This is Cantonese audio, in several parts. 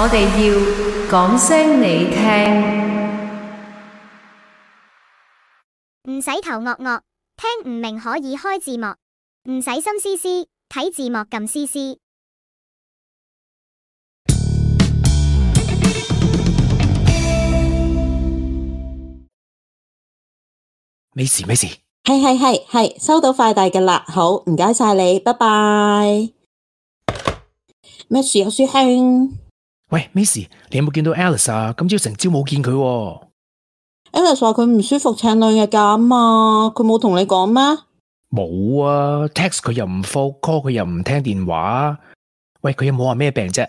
我哋要講聲你聽，唔使頭惡惡，聽唔明可以開字幕，唔使心思思睇字幕，撳思思。冇事冇事，係係係係，收到快遞嘅啦，好唔該晒你，拜拜。咩事呀，書香？喂，Missy，你有冇見到 Alice 啊？今朝成朝冇見佢。Alice 話佢唔舒服，請兩日假啊嘛，佢冇同你講咩？冇啊，text 佢又唔覆，call 佢又唔聽電話。喂，佢有冇話咩病啫？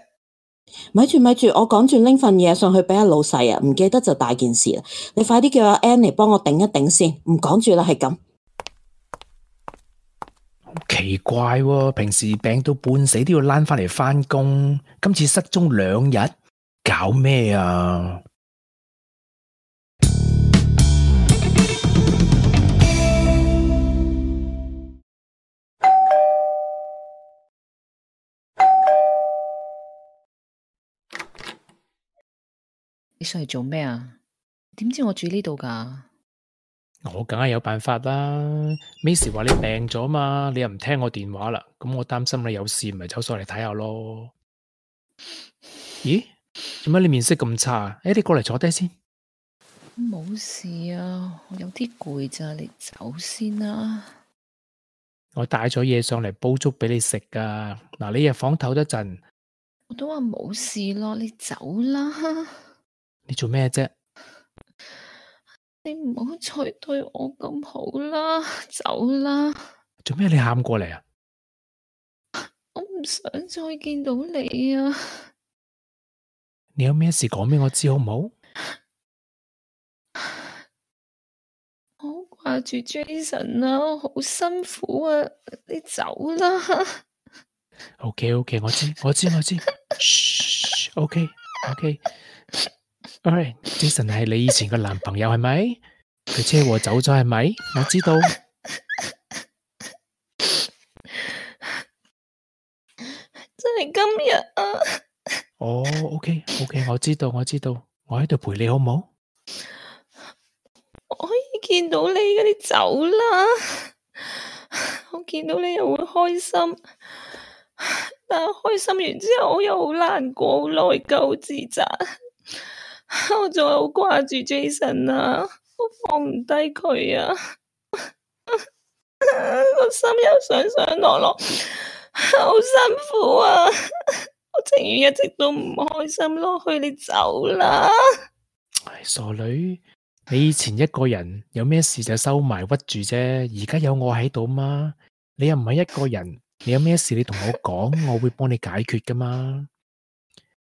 咪住咪住，我趕住拎份嘢上去俾阿老細啊，唔記得就大件事啦。你快啲叫阿 Annie 幫我頂一頂先，唔講住啦，係咁。奇怪喎、啊，平時病到半死都要攋翻嚟翻工，今次失蹤兩日，搞咩啊？你上嚟做咩啊？點知我住呢度㗎？我梗係有辦法啦。Miss 話你病咗嘛，你又唔聽我電話啦，咁我擔心你有事，咪走上嚟睇下咯。咦？點解你面色咁差？誒、欸，你過嚟坐低先。冇事啊，我有啲攰咋，你先走先、啊、啦。我帶咗嘢上嚟煲粥俾你食噶。嗱，你入房唞一陣。我都話冇事咯，你走啦。你做咩啫？你唔好再對我咁好啦，走啦！做咩你喊過嚟啊？我唔想再見到你啊！你有咩事講俾我知好唔好？ 我掛住 Jason 啊，我好辛苦啊！你走啦。 OK，OK，OK，OK，我知，我知，我知。OK，OK。Alright，Jason，係 你以前個男朋友係咪？佢 車禍走咗係咪？我知道。 真係今日啊。哦，OK，OK，我知道，我知道，我喺度陪你好唔好？ 我可以見到你，你走啦。 我見到你又會開心， 但係開心完之後我又好難過，好內疚，好自責。我仲係好掛住 Jason 啊，我放唔低佢啊，個 心又上上落落， 好辛苦啊！ 我情願一直都唔開心落去，你走啦！傻女，你以前一個人有咩事就收埋屈住啫，而家有我喺度嘛？你又唔係一個人，你有咩事你同我講， 我會幫你解決噶嘛？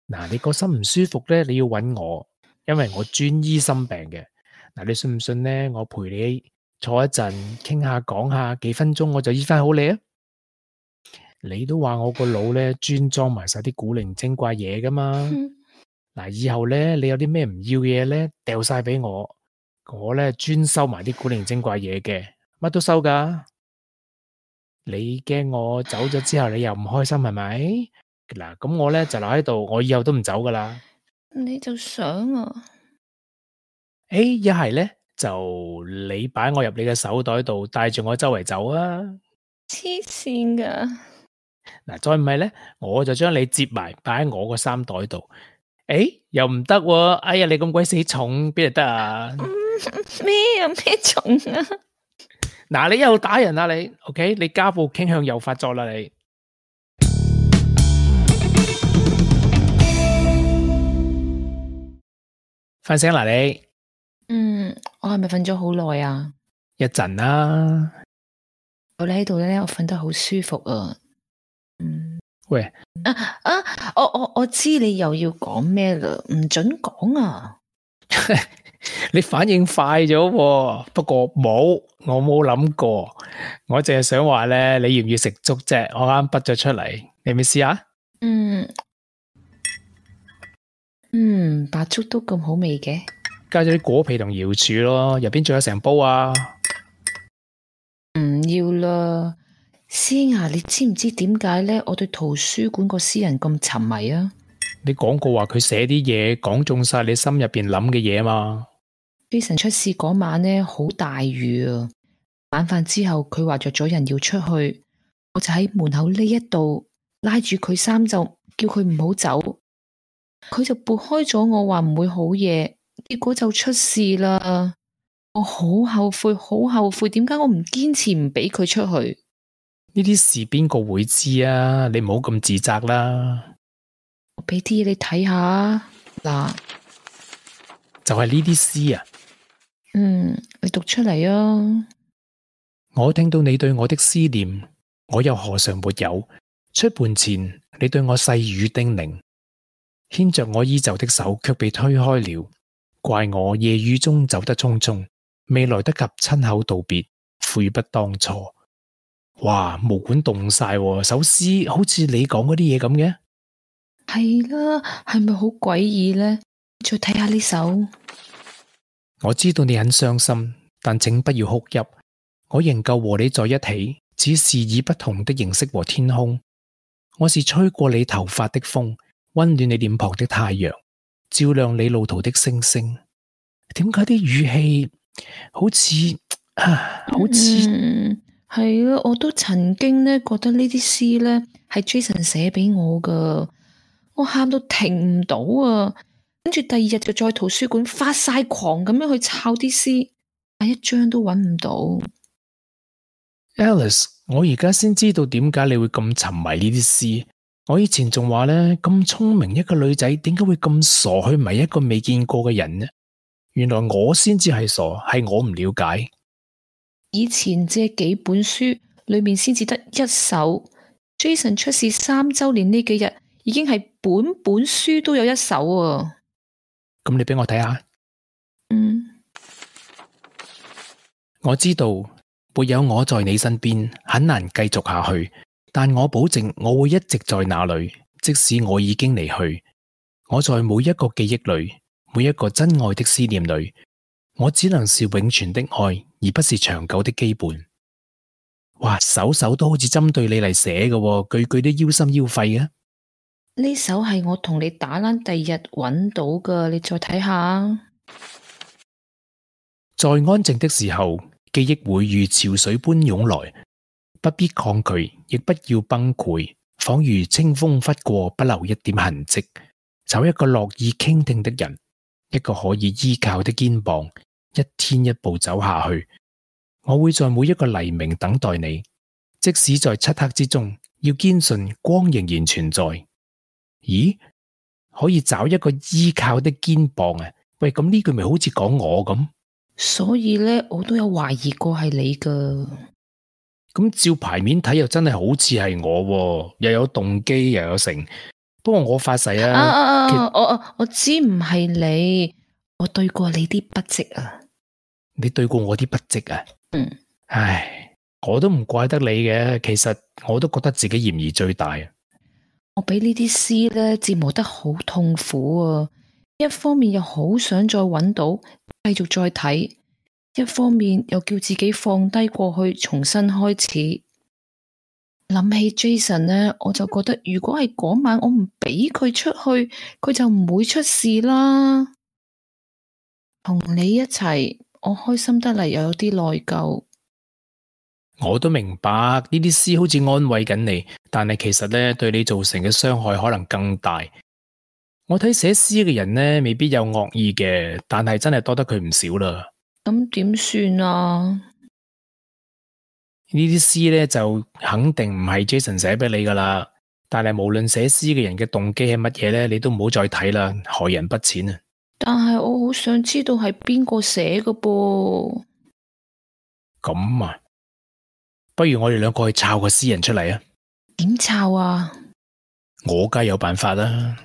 嗱，你個心唔舒服咧，你要揾我，因為我專醫心病嘅。嗱，你信唔信咧？我陪你坐一陣，傾下講下，幾分鐘我就醫翻好你啊！你都話我個腦咧，專裝埋晒啲古靈精怪嘢噶嘛？嗱， 以後咧，你有啲咩唔要嘅嘢咧，掉晒俾我，我咧專收埋啲古靈精怪嘢嘅，乜都收噶。你驚我走咗之後你又唔開心係咪？嗱，咁我咧就留喺度，我以後都唔走噶啦。你就想啊？誒，一係咧就你擺我入你嘅手袋度，帶住我周圍走啊！黐線噶！嗱，再唔係咧，我就將你接埋擺喺我個衫袋度。誒，又唔得喎！哎呀，你咁鬼死重，邊度得啊？咩啊、嗯？咩重啊？嗱，你又打人啊你，OK？你家暴傾向又發作啦！你。Okay？你瞓醒啦你？嗯，我係咪瞓咗好耐啊？一陣啦、啊。我喺度咧，我瞓得好舒服啊。嗯。喂。啊啊！我我我知你又要講咩啦，唔准講啊。 你反應快咗、啊，不過冇，我冇諗過。我淨係想話咧，你願唔願食粥啫？我啱筆咗出嚟，你試下？嗯。嗯，白粥都咁好味嘅，加咗啲果皮同瑤柱咯，入邊仲有成煲啊！唔要啦，師兄啊，你知唔知點解呢？我對圖書館個詩人咁沉迷啊？你講過話佢寫啲嘢，講中晒你心入邊諗嘅嘢嘛？基神出事嗰晚呢，好大雨啊！晚飯之後佢話約咗人要出去，我就喺門口呢一度拉住佢衫，就叫佢唔好走。佢就撥開咗我話唔會好嘢，結果就出事啦！我好後悔，好後悔，點解我唔堅持唔俾佢出去？呢啲事邊個會知啊？你唔好咁自責啦！我俾啲嘢你睇下，嗱，就係呢啲詩啊。嗯，你讀出嚟啊！我聽到你對我的思念，我又何嘗沒有？出殯前，你對我細語叮嚀。牽着我衣袖的手，卻被推開了。怪我夜雨中走得匆匆，未來得及親口道別，悔不當初。哇，毛管凍晒，首詩好似你講嗰啲嘢咁嘅。係啦、啊，係咪好詭異呢？再睇下呢首。我知道你很傷心，但請不要哭泣。我仍舊和你在一起，只是以不同的形式和天空。我是吹過你頭髮的風。温暖你臉龐的太陽，照亮你路途的星星。點解啲語氣好似啊，好似係咯，我都曾經咧覺得呢啲詩咧係 Jason 寫畀我噶，我喊到停唔到啊！跟住第二日就再圖書館發晒狂咁樣去抄啲詩，一張都揾唔到。Alice，我而家先知道點解你會咁沉迷呢啲詩。我以前仲話呢，咁聰明一個女仔，點解會咁傻去迷一個未見過嘅人呢？原來我先至係傻，係我唔了解。以前借幾本書裏面先至得一首。Jason 出事三周年呢幾日，已經係本本書都有一首啊。咁你俾我睇下。嗯，我知道沒有我在你身邊，很難繼續下去。但我保證我會一直在那裏，即使我已經離去。我在每一個記憶裏，每一個珍愛的思念裏，我只能是永存的愛，而不是長久的基本。「哇，首首都好似針對你嚟寫嘅喎，句句都腰心腰肺嘅啊。呢首係我同你打爛第二日揾到嘅，你再睇下。在安靜的時候，記憶會如潮水般湧來。不必抗拒，亦不要崩潰，仿如清風拂過，不留一點痕跡。找一個樂意傾聽的人，一個可以依靠的肩膀，一天一步走下去。我會在每一個黎明等待你，即使在漆黑之中，要堅信光仍然存在。咦？可以找一個依靠的肩膀啊？喂，咁呢句咪好似講我咁？所以呢，我都有懷疑過係你噶。咁照牌面睇又真係好似係我，又有動機又有成。不過我發誓啊，我我知唔係你，我對過你啲筆跡啊。你對過我啲筆跡啊？嗯，唉，我都唔怪得你嘅。其實我都覺得自己嫌疑最大。我俾呢啲詩咧折磨得好痛苦啊！一方面又好想再揾到，繼續再睇。一方面又叫自己放低過去，重新開始。諗起 Jason 呢，我就覺得如果係嗰晚我唔畀佢出去，佢就唔會出事啦。同你一齊，我開心得嚟，又有啲內疚。我都明白呢啲詩好似安慰緊你，但係其實呢對你造成嘅傷害可能更大。我睇寫詩嘅人呢，未必有惡意嘅，但係真係多得佢唔少啦。咁點算啊？呢啲詩咧就肯定唔係 Jason 寫俾你噶啦。但係無論寫詩嘅人嘅動機係乜嘢咧，你都唔好再睇啦，害人不淺啊！但係我好想知道係邊個寫嘅噃？咁啊，不如我哋兩個去抄個詩人出嚟啊？點抄啊？我梗有辦法啦。